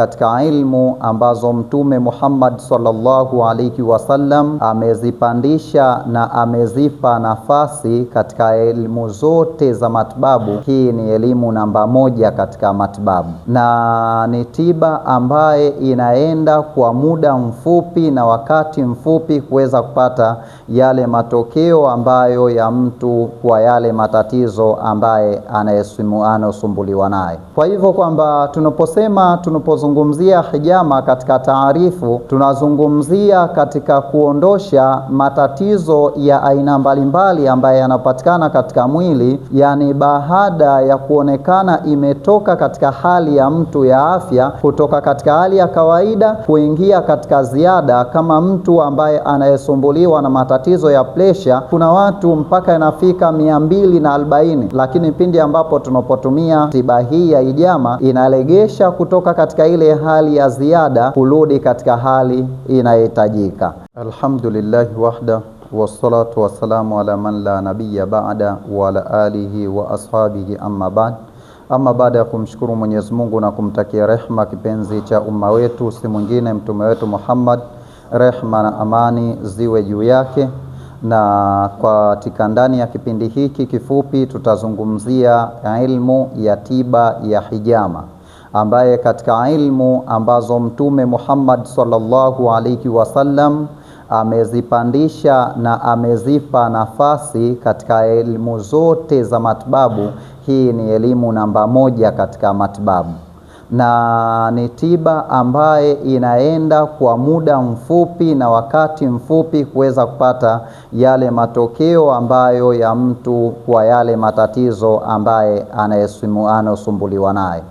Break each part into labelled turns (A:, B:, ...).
A: Katika ilmu ambazo Mtume Muhammad sallallahu alaihi wasallam amezipandisha na amezipa nafasi katika elimu zote za matibabu, hii ni elimu namba moja katika matibabu, na ni tiba ambaye inaenda kwa muda mfupi na wakati mfupi kuweza kupata yale matokeo ambayo ya mtu kwa yale matatizo ambaye anayosumbuliwa naye. Kwa hivyo kwamba tunaposema tunapo Tunapozungumzia hijama katika taarifu, tunazungumzia katika kuondosha matatizo ya aina mbalimbali ambayo yanapatikana katika mwili, yani baada ya kuonekana imetoka katika hali ya mtu ya afya, kutoka katika hali ya kawaida kuingia katika ziada, kama mtu ambaye anayesumbuliwa na matatizo ya presha, kuna watu mpaka inafika mia mbili na arobaini, lakini pindi ambapo tunapotumia tiba hii ya hijama inalegesha kutoka katika ile hali ya ziada kurudi katika hali inayohitajika.
B: Alhamdulillahi wahda wassalatu wassalamu ala man la nabiyya ba'da wa ala alihi wa ashabihi amma ba'd. Ama baada ya kumshukuru Mwenyezi Mungu na kumtakia rehma kipenzi cha umma wetu si mwingine mtume wetu Muhammad, rehma na amani ziwe juu yake. Na katika ndani ya kipindi hiki kifupi tutazungumzia ilmu ya tiba ya hijama ambaye katika ilmu ambazo Mtume Muhammad sallallahu alaihi wasallam amezipandisha na amezipa nafasi katika elimu zote za matibabu. Hii ni elimu namba moja katika matibabu na ni tiba ambaye inaenda kwa muda mfupi na wakati mfupi kuweza kupata yale matokeo ambayo ya mtu kwa yale matatizo ambaye anayesumbuliwa naye.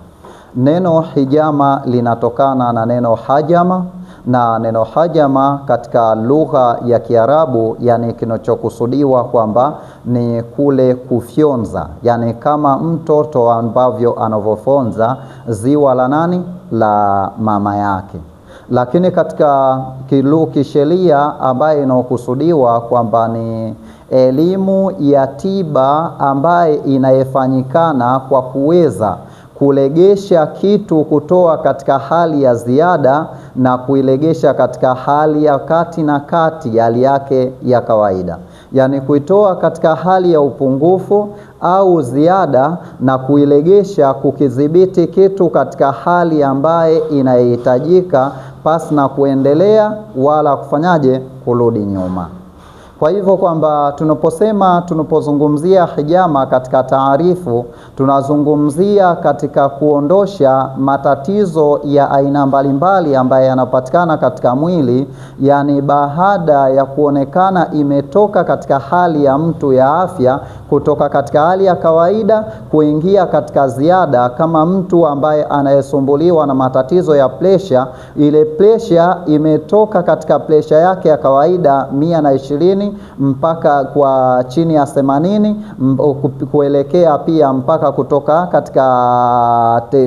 B: Neno hijama linatokana na neno hajama, na neno hajama katika lugha ya Kiarabu, yani kinachokusudiwa kwamba ni kule kufyonza, yani kama mtoto ambavyo anavyofonza ziwa la nani la mama yake lakini katika kilu kisheria ambaye inaokusudiwa kwamba ni elimu ya tiba ambaye inayefanyikana kwa kuweza kulegesha kitu kutoa katika hali ya ziada na kuilegesha katika hali ya kati na kati, hali yake ya kawaida, yaani kuitoa katika hali ya upungufu au ziada na kuilegesha, kukidhibiti kitu katika hali ambaye inayohitajika, pasi na kuendelea wala kufanyaje, kurudi nyuma. Kwa hivyo kwamba tunaposema tunapozungumzia hijama katika taarifu, tunazungumzia katika kuondosha matatizo ya aina mbalimbali ambayo yanapatikana katika mwili, yani baada ya kuonekana imetoka katika hali ya mtu ya afya kutoka katika hali ya kawaida kuingia katika ziada, kama mtu ambaye anayesumbuliwa na matatizo ya presha, ile presha imetoka katika presha yake ya kawaida mia na ishirini mpaka kwa chini ya themanini kuelekea pia mpaka kutoka katika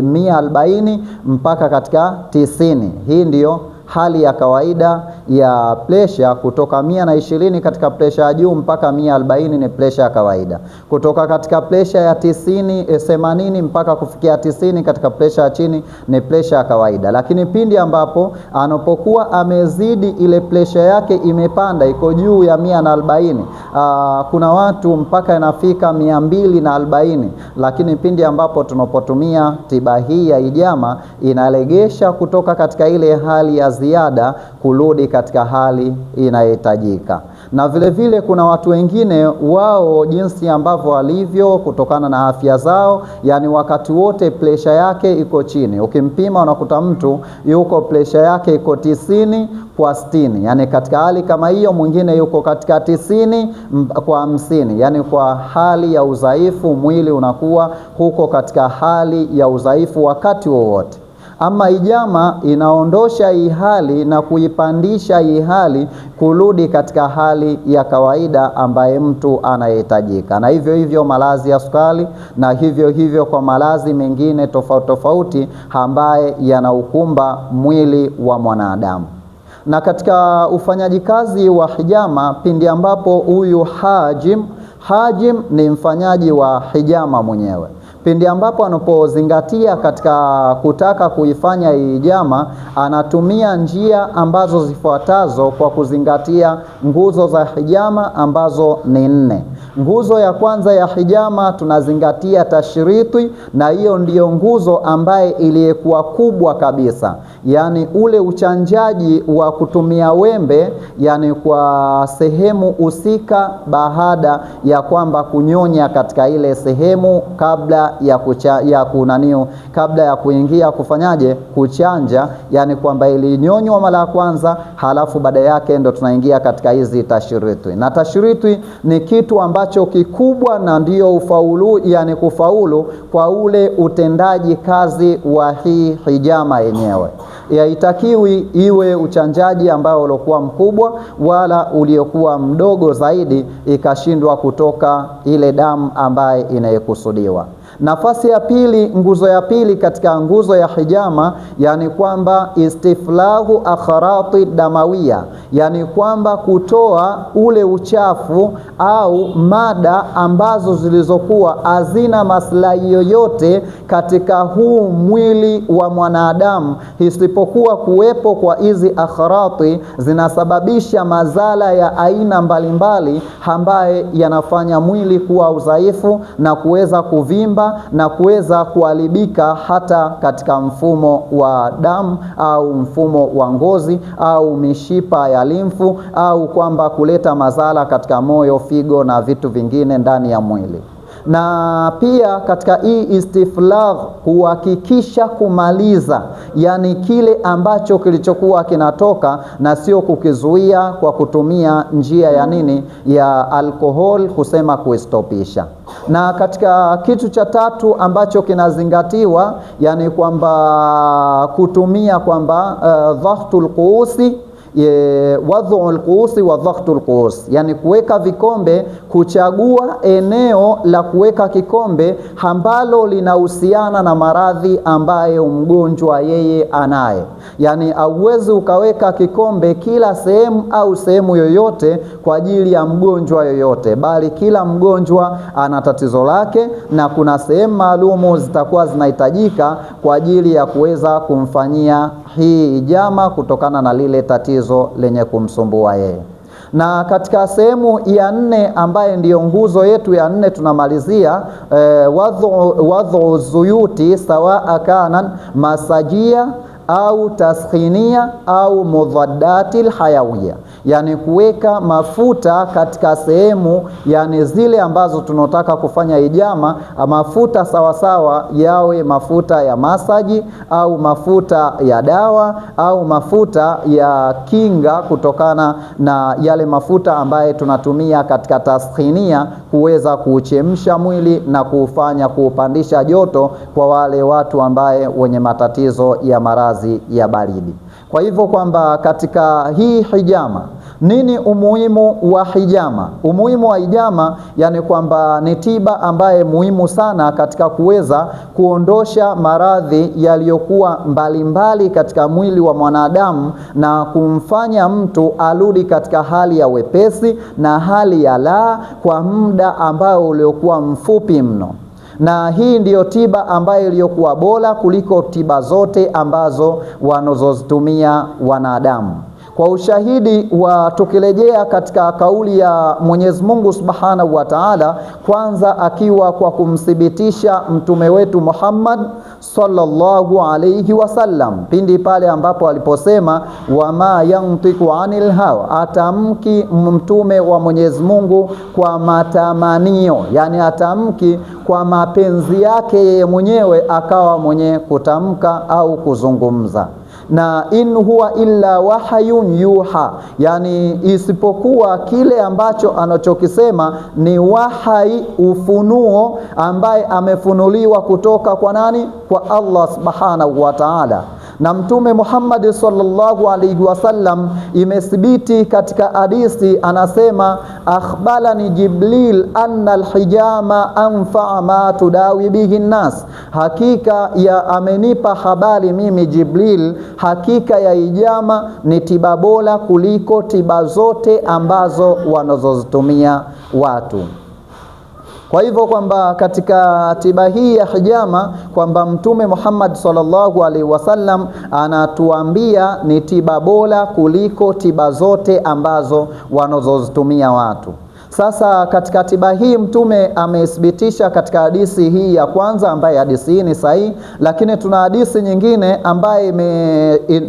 B: mia arobaini mpaka katika tisini. Hii ndiyo hali ya kawaida ya presha kutoka mia na ishirini katika presha ya juu mpaka mia arobaini ni presha ya kawaida. Kutoka katika presha ya tisini eh, themanini mpaka kufikia tisini katika presha ya chini ni presha ya kawaida, lakini pindi ambapo anapokuwa amezidi ile presha yake imepanda, iko juu ya mia na arobaini ah, kuna watu mpaka inafika mia mbili na arobaini lakini pindi ambapo tunapotumia tiba hii ya Ijama inalegesha kutoka katika ile hali ya ziada kurudi katika hali inayohitajika. Na vilevile vile kuna watu wengine wao jinsi ambavyo walivyo kutokana na afya zao, yani wakati wote presha yake iko chini. Ukimpima unakuta mtu yuko presha yake iko tisini kwa sitini, yani katika hali kama hiyo. Mwingine yuko katika tisini kwa hamsini, yani kwa hali ya udhaifu, mwili unakuwa huko katika hali ya udhaifu wakati wowote. Ama ijama inaondosha hii hali na kuipandisha hii hali kurudi katika hali ya kawaida ambaye mtu anayehitajika, na hivyo hivyo malazi ya sukari, na hivyo hivyo kwa malazi mengine tofauti tofauti ambaye yanaukumba mwili wa mwanadamu na katika ufanyaji kazi wa hijama, pindi ambapo huyu hajim, hajim ni mfanyaji wa hijama mwenyewe pindi ambapo anapozingatia katika kutaka kuifanya hii jama, anatumia njia ambazo zifuatazo kwa kuzingatia nguzo za hijama ambazo ni nne. Nguzo ya kwanza ya hijama tunazingatia tashiriti, na hiyo ndiyo nguzo ambaye iliyekuwa kubwa kabisa, yaani ule uchanjaji wa kutumia wembe, yani kwa sehemu husika, baada ya kwamba kunyonya katika ile sehemu kabla ya kucha, ya kunaniu kabla ya kuingia kufanyaje kuchanja, yani kwamba ilinyonywa mara ya kwanza, halafu baada yake ndo tunaingia katika hizi tashiritwi. na tashiritwi ni kitu ambacho kikubwa na ndio ufaulu, yani kufaulu kwa ule utendaji kazi wa hii hijama yenyewe. Haitakiwi iwe uchanjaji ambao uliokuwa mkubwa wala uliokuwa mdogo zaidi ikashindwa kutoka ile damu ambaye inayekusudiwa. Nafasi ya pili, nguzo ya pili katika nguzo ya hijama, yani kwamba istiflahu akhrati damawiya, yani kwamba kutoa ule uchafu au mada ambazo zilizokuwa hazina maslahi yoyote katika huu mwili wa mwanadamu, isipokuwa kuwepo kwa hizi akhrati zinasababisha madhara ya aina mbalimbali ambaye yanafanya mwili kuwa udhaifu na kuweza kuvimba na kuweza kuharibika hata katika mfumo wa damu au mfumo wa ngozi au mishipa ya limfu au kwamba kuleta madhara katika moyo, figo na vitu vingine ndani ya mwili na pia katika hii istiflagh kuhakikisha kumaliza, yani kile ambacho kilichokuwa kinatoka na sio kukizuia kwa kutumia njia ya nini, ya alkohol kusema kuistopisha. Na katika kitu cha tatu ambacho kinazingatiwa, yani kwamba kutumia kwamba uh, quusi wadhu lquusi wa dhaktu lquus, yani kuweka vikombe, kuchagua eneo la kuweka kikombe ambalo linahusiana na maradhi ambayo mgonjwa yeye anaye. Yani auwezi ukaweka kikombe kila sehemu au sehemu yoyote kwa ajili ya mgonjwa yoyote, bali kila mgonjwa ana tatizo lake, na kuna sehemu maalumu zitakuwa zinahitajika kwa ajili ya kuweza kumfanyia hii ijama kutokana na lile tatizo tatizo lenye kumsumbua yeye. Na katika sehemu ya nne ambaye ndiyo nguzo yetu ya nne tunamalizia eh, wadhu, zuyuti sawa akana masajia au taskhinia au mudhaddati lhayawiya yani kuweka mafuta katika sehemu, yani zile ambazo tunaotaka kufanya ijama, mafuta sawasawa yawe mafuta ya masaji au mafuta ya dawa au mafuta ya kinga, kutokana na yale mafuta ambaye tunatumia katika taskhinia kuweza kuuchemsha mwili na kuufanya kuupandisha joto kwa wale watu ambaye wenye matatizo ya maradhi ya baridi. Kwa hivyo kwamba katika hii hijama, nini umuhimu wa hijama? Umuhimu wa hijama, yani kwamba ni tiba ambaye muhimu sana katika kuweza kuondosha maradhi yaliyokuwa mbalimbali katika mwili wa mwanadamu na kumfanya mtu arudi katika hali ya wepesi na hali ya laa kwa muda ambao uliokuwa mfupi mno na hii ndiyo tiba ambayo iliyokuwa bora kuliko tiba zote ambazo wanazozitumia wanadamu. Kwa ushahidi wa tukirejea katika kauli ya Mwenyezi Mungu Subhanahu wa Ta'ala, kwanza akiwa kwa kumthibitisha mtume wetu Muhammad sallallahu alayhi wasallam, pindi pale ambapo aliposema wama yantiku anil hawa, atamki mtume wa Mwenyezi Mungu kwa matamanio, yani atamki kwa mapenzi yake yeye mwenyewe, akawa mwenye kutamka au kuzungumza na in huwa illa wahayun yuha, yani isipokuwa kile ambacho anachokisema ni wahai, ufunuo ambaye amefunuliwa kutoka kwa nani? Kwa Allah subhanahu wa ta'ala na Mtume Muhammad sallallahu alaihi wasallam, imethibiti katika hadithi anasema, akhbalani Jibril anna alhijama anfa ma tudawi bihi nnas, hakika ya amenipa habari mimi Jibril, hakika ya hijama ni tiba bora kuliko tiba zote ambazo wanazozitumia watu. Kwa hivyo kwamba katika tiba hii ya hijama kwamba Mtume Muhammad sallallahu alaihi wasallam anatuambia ni tiba bora kuliko tiba zote ambazo wanazozitumia watu. Sasa katika tiba hii Mtume ameithibitisha katika hadisi hii ya kwanza, ambaye hadisi hii ni sahihi, lakini tuna hadisi nyingine ambaye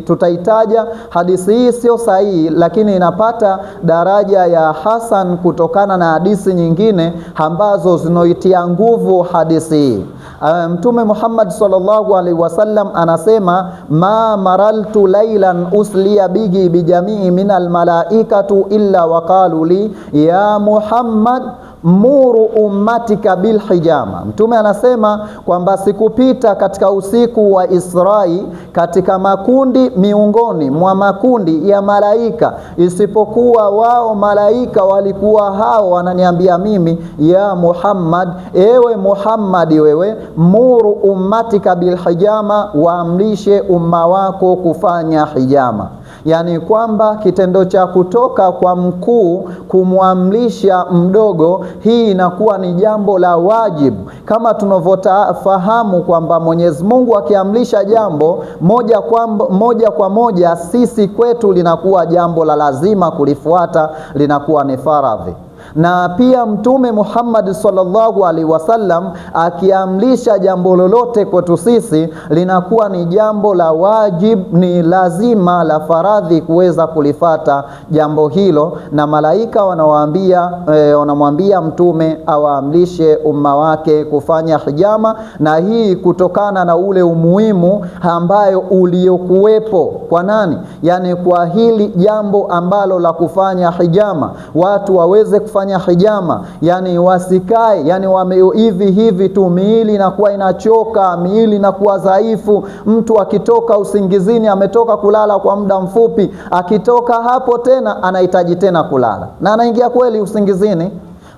B: tutaitaja. Hadisi hii sio sahihi, lakini inapata daraja ya hasan kutokana na hadisi nyingine ambazo zinoitia nguvu hadisi hii. Eh, mtume Muhammad sallallahu alaihi wasallam anasema, ma maraltu lailan usliya bigi bijamii min almalaikatu illa waqalu li ya Muhammad muru ummatika hijama. Mtume anasema kwamba sikupita katika usiku wa Israi katika makundi miongoni mwa makundi ya malaika, isipokuwa wao malaika walikuwa hao wananiambia mimi, ya Muhammad, ewe Muhammadi, wewe muru ummatika bilhijama, waamrishe umma wako kufanya hijama yaani kwamba kitendo cha kutoka kwa mkuu kumwamlisha mdogo, hii inakuwa ni jambo la wajibu, kama tunavyofahamu kwamba Mwenyezi Mungu akiamlisha jambo moja kwa moja kwa moja, sisi kwetu linakuwa jambo la lazima kulifuata, linakuwa ni faradhi na pia Mtume Muhammad sallallahu alaihi wasallam akiamlisha jambo lolote kwetu sisi linakuwa ni jambo la wajib, ni lazima la faradhi kuweza kulifata jambo hilo, na malaika wanawaambia e, wanamwambia Mtume awaamlishe umma wake kufanya hijama, na hii kutokana na ule umuhimu ambayo uliokuwepo kwa nani, yani kwa hili jambo ambalo la kufanya hijama watu waweze kufanya hijama, yani wasikae, yani hivi hivi tu, miili inakuwa inachoka, miili inakuwa dhaifu. Mtu akitoka usingizini, ametoka kulala kwa muda mfupi, akitoka hapo tena anahitaji tena kulala, na anaingia kweli usingizini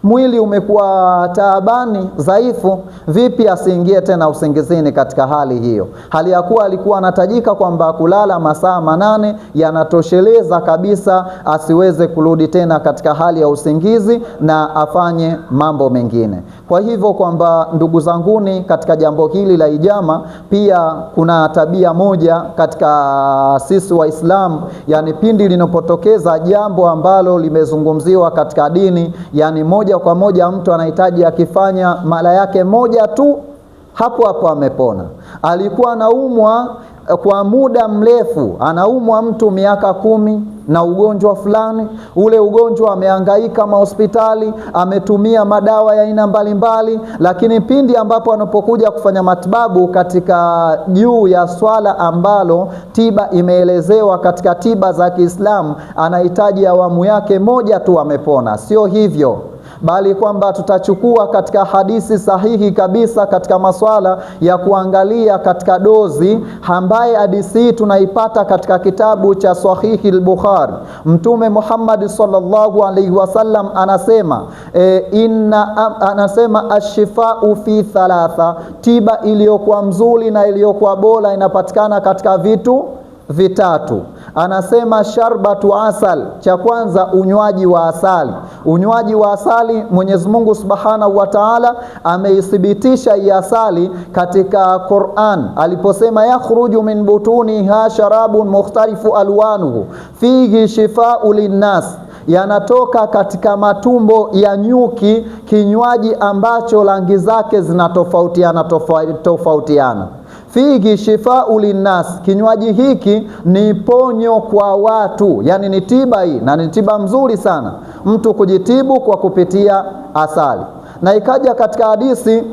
B: mwili umekuwa taabani, dhaifu, vipi asiingie tena usingizini katika hali hiyo, hali ya kuwa alikuwa anatajika kwamba kulala masaa manane yanatosheleza kabisa asiweze kurudi tena katika hali ya usingizi na afanye mambo mengine. Kwa hivyo kwamba ndugu zanguni, katika jambo hili la ijama pia kuna tabia moja katika sisi Waislamu, yani pindi linapotokeza jambo ambalo limezungumziwa katika dini, yani moja moja kwa moja mtu anahitaji akifanya mara yake moja tu, hapo hapo amepona. Alikuwa anaumwa eh, kwa muda mrefu, anaumwa mtu miaka kumi na ugonjwa fulani. Ule ugonjwa ameangaika mahospitali, ametumia madawa ya aina mbalimbali, lakini pindi ambapo anapokuja kufanya matibabu katika juu ya swala ambalo tiba imeelezewa katika tiba za Kiislamu, anahitaji awamu yake moja tu, amepona. Sio hivyo bali kwamba tutachukua katika hadithi sahihi kabisa katika maswala ya kuangalia katika dozi ambaye hadithi hii tunaipata katika kitabu cha Sahihi al-Bukhari. Mtume Muhammad sallallahu alaihi wasallam anasema e, inna anasema ashifau fi thalatha, tiba iliyokuwa mzuri na iliyokuwa bora inapatikana katika vitu vitatu anasema sharbatu asal, cha kwanza unywaji wa asali. Unywaji wa asali, Mwenyezi Mungu Subhanahu wa Ta'ala ameithibitisha hii asali katika Qur'an aliposema, yakhruju min butuniha sharabun mukhtalifu alwanuhu fihi shifau linnas yanatoka katika matumbo ya nyuki kinywaji ambacho rangi zake zinatofautiana tofautiana fihi shifau linnas, kinywaji hiki ni ponyo kwa watu, yani ni tiba hii, na ni tiba mzuri sana mtu kujitibu kwa kupitia asali. Na ikaja katika hadithi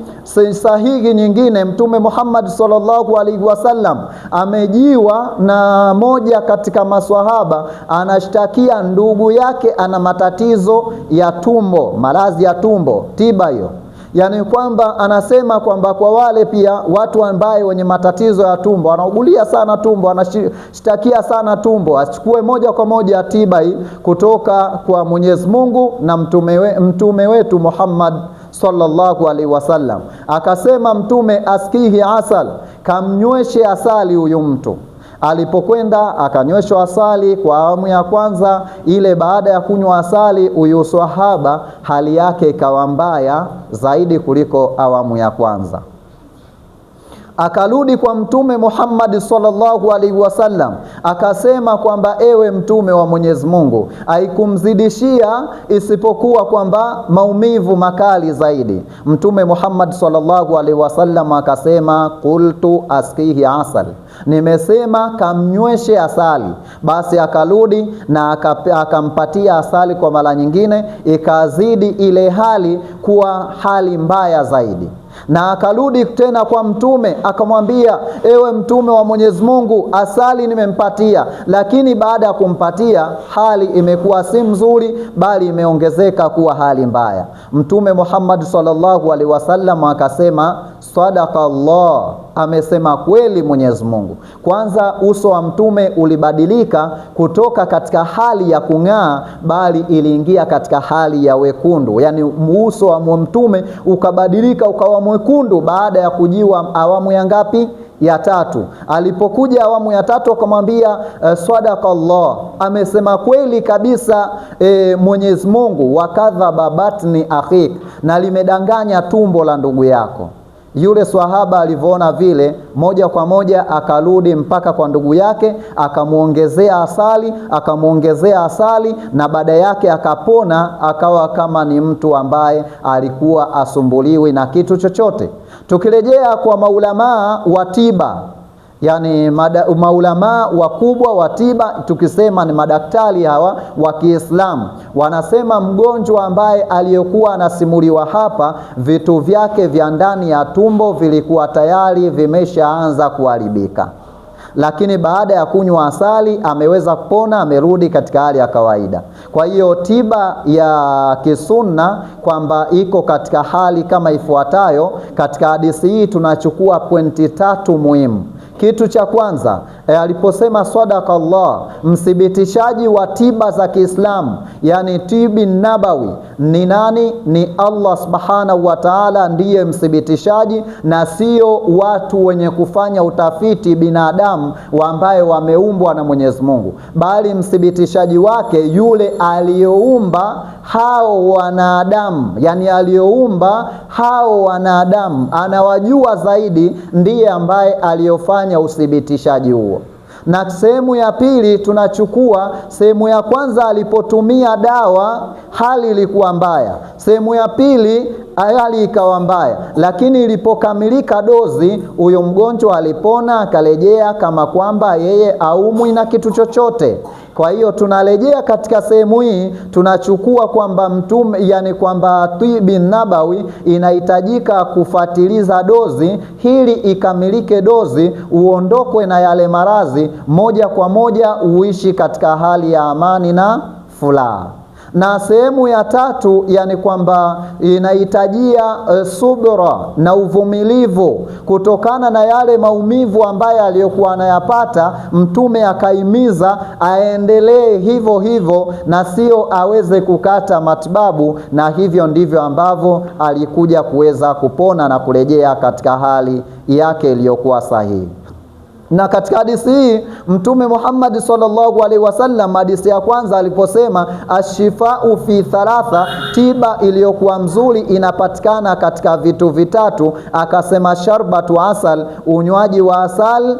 B: sahihi nyingine, Mtume Muhammad sallallahu alaihi wasallam amejiwa na moja katika maswahaba, anashtakia ndugu yake ana matatizo ya tumbo, maradhi ya tumbo, tiba hiyo yani kwamba anasema kwamba kwa wale pia watu ambaye wenye matatizo ya tumbo, anaugulia sana tumbo, anashtakia sana tumbo, achukue moja kwa moja tiba hii kutoka kwa Mwenyezi Mungu na mtume, we, mtume wetu Muhammad sallallahu alaihi wasallam akasema, mtume askihi asal, kamnyweshe asali huyu mtu Alipokwenda akanyweshwa asali kwa awamu ya kwanza ile. Baada ya kunywa asali, huyu swahaba hali yake ikawa mbaya zaidi kuliko awamu ya kwanza. Akarudi kwa Mtume Muhammad sallallahu alaihi wasallam akasema kwamba ewe mtume wa Mwenyezi Mungu, aikumzidishia isipokuwa kwamba maumivu makali zaidi. Mtume Muhammad sallallahu alaihi wasallam akasema, qultu askihi asal, nimesema kamnyweshe asali. Basi akarudi na akampatia asali kwa mara nyingine, ikazidi ile hali kuwa hali mbaya zaidi na akarudi tena kwa mtume akamwambia, ewe mtume wa Mwenyezi Mungu, asali nimempatia, lakini baada ya kumpatia hali imekuwa si mzuri, bali imeongezeka kuwa hali mbaya. Mtume Muhammad sallallahu alaihi wasallam akasema Sadaka Allah, amesema kweli Mwenyezi Mungu. Kwanza uso wa mtume ulibadilika kutoka katika hali ya kung'aa, bali iliingia katika hali ya wekundu, yaani uso wa mtume ukabadilika ukawa mwekundu baada ya kujiwa awamu ya ngapi? ya tatu. Alipokuja awamu ya tatu akamwambia, uh, eh, sadaka Allah, amesema kweli kabisa e, Mwenyezi Mungu. Wakadhaba batni akhik, na limedanganya tumbo la ndugu yako. Yule swahaba alivyoona vile, moja kwa moja akarudi mpaka kwa ndugu yake, akamwongezea asali, akamwongezea asali, na baada yake akapona, akawa kama ni mtu ambaye alikuwa asumbuliwi na kitu chochote. Tukirejea kwa maulamaa wa tiba Yani mada, maulamaa wakubwa wa tiba tukisema ni madaktari hawa wa Kiislamu, wanasema mgonjwa ambaye aliyekuwa anasimuliwa hapa, vitu vyake vya ndani ya tumbo vilikuwa tayari vimeshaanza kuharibika, lakini baada ya kunywa asali ameweza kupona, amerudi katika hali ya kawaida. Kwa hiyo tiba ya kisunna kwamba iko katika hali kama ifuatayo. Katika hadithi hii tunachukua pointi tatu muhimu. Kitu cha kwanza e, aliposema sadaka Allah, mthibitishaji wa tiba za Kiislamu, yani tibi nabawi ni nani? Ni Allah subhanahu wa taala ndiye mthibitishaji, na sio watu wenye kufanya utafiti binadamu wa ambaye wameumbwa na Mwenyezi Mungu, bali mthibitishaji wake yule aliyoumba hao wanadamu, yani aliyoumba hao wanadamu anawajua zaidi, ndiye ambaye aliyofanya uthibitishaji huo na sehemu ya pili tunachukua sehemu ya kwanza, alipotumia dawa hali ilikuwa mbaya, sehemu ya pili hali ikawa mbaya, lakini ilipokamilika dozi, huyo mgonjwa alipona, akarejea kama kwamba yeye aumwi na kitu chochote. Kwa hiyo tunarejea katika sehemu hii, tunachukua kwamba mtume, yani kwamba tibi nabawi inahitajika kufatiliza dozi hili ikamilike, dozi uondokwe na yale marazi moja kwa moja, uishi katika hali ya amani na furaha na sehemu ya tatu, yani kwamba inahitajia e, subra na uvumilivu kutokana na yale maumivu ambayo aliyokuwa anayapata. Mtume akaimiza aendelee hivyo hivyo na sio aweze kukata matibabu, na hivyo ndivyo ambavyo alikuja kuweza kupona na kurejea katika hali yake iliyokuwa sahihi. Na katika hadithi hii Mtume Muhammad sallallahu alaihi wasallam, hadithi ya kwanza aliposema, ashifau fi thalatha, tiba iliyokuwa mzuri inapatikana katika vitu vitatu, akasema sharbatu asal, unywaji wa asal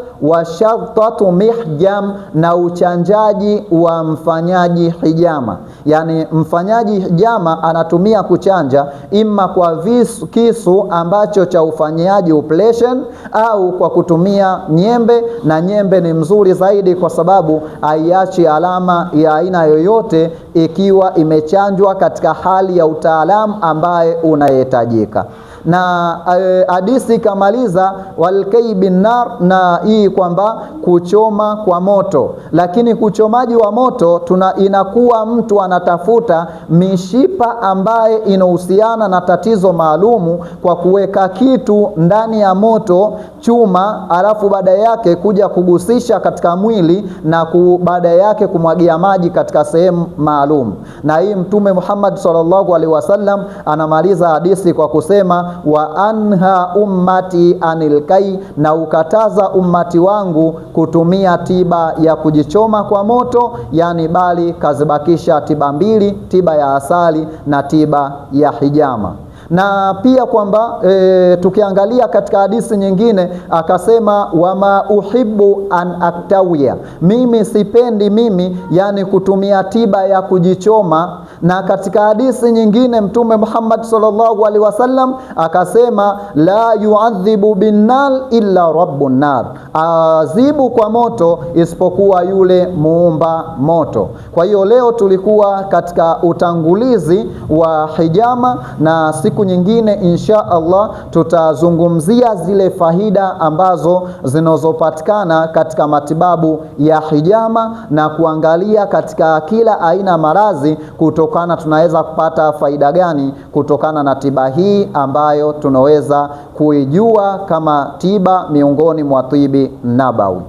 B: shartatu mihjam, na uchanjaji wa mfanyaji hijama. Yani mfanyaji hijama anatumia kuchanja ima kwa visu, kisu ambacho cha ufanyaji operation au kwa kutumia nyembe, na nyembe ni mzuri zaidi kwa sababu haiachi alama ya aina yoyote ikiwa imechanjwa katika hali ya utaalamu ambaye unahitajika na eh, hadithi ikamaliza walkei nar na hii kwamba kuchoma kwa moto. Lakini kuchomaji wa moto tuna inakuwa mtu anatafuta mishipa ambaye inahusiana na tatizo maalumu, kwa kuweka kitu ndani ya moto chuma, alafu baada yake kuja kugusisha katika mwili na baada yake kumwagia maji katika sehemu maalum. Na hii Mtume Muhammad sallallahu alaihi wasallam anamaliza hadithi kwa kusema wa anha ummati anil kai, na ukataza ummati wangu kutumia tiba ya kujichoma kwa moto, yani bali kazibakisha tiba mbili, tiba ya asali na tiba ya hijama na pia kwamba e, tukiangalia katika hadithi nyingine akasema, wama uhibu an aktawia, mimi sipendi mimi yani kutumia tiba ya kujichoma. Na katika hadithi nyingine Mtume Muhammad sallallahu alaihi wasallam akasema, la yuadhibu binnar illa rabbun nar, azibu kwa moto isipokuwa yule muumba moto. Kwa hiyo leo tulikuwa katika utangulizi wa hijama na siku siku nyingine insha Allah tutazungumzia zile faida ambazo zinazopatikana katika matibabu ya hijama na kuangalia katika kila aina maradhi, kutokana tunaweza kupata faida gani kutokana na tiba hii ambayo tunaweza kuijua kama tiba miongoni mwa tibi nabawi.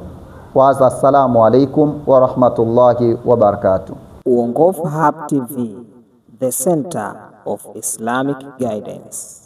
B: Waza, assalamu alaikum warahmatullahi wabarakatuh. Uongofu Hub TV, the center of Islamic guidance.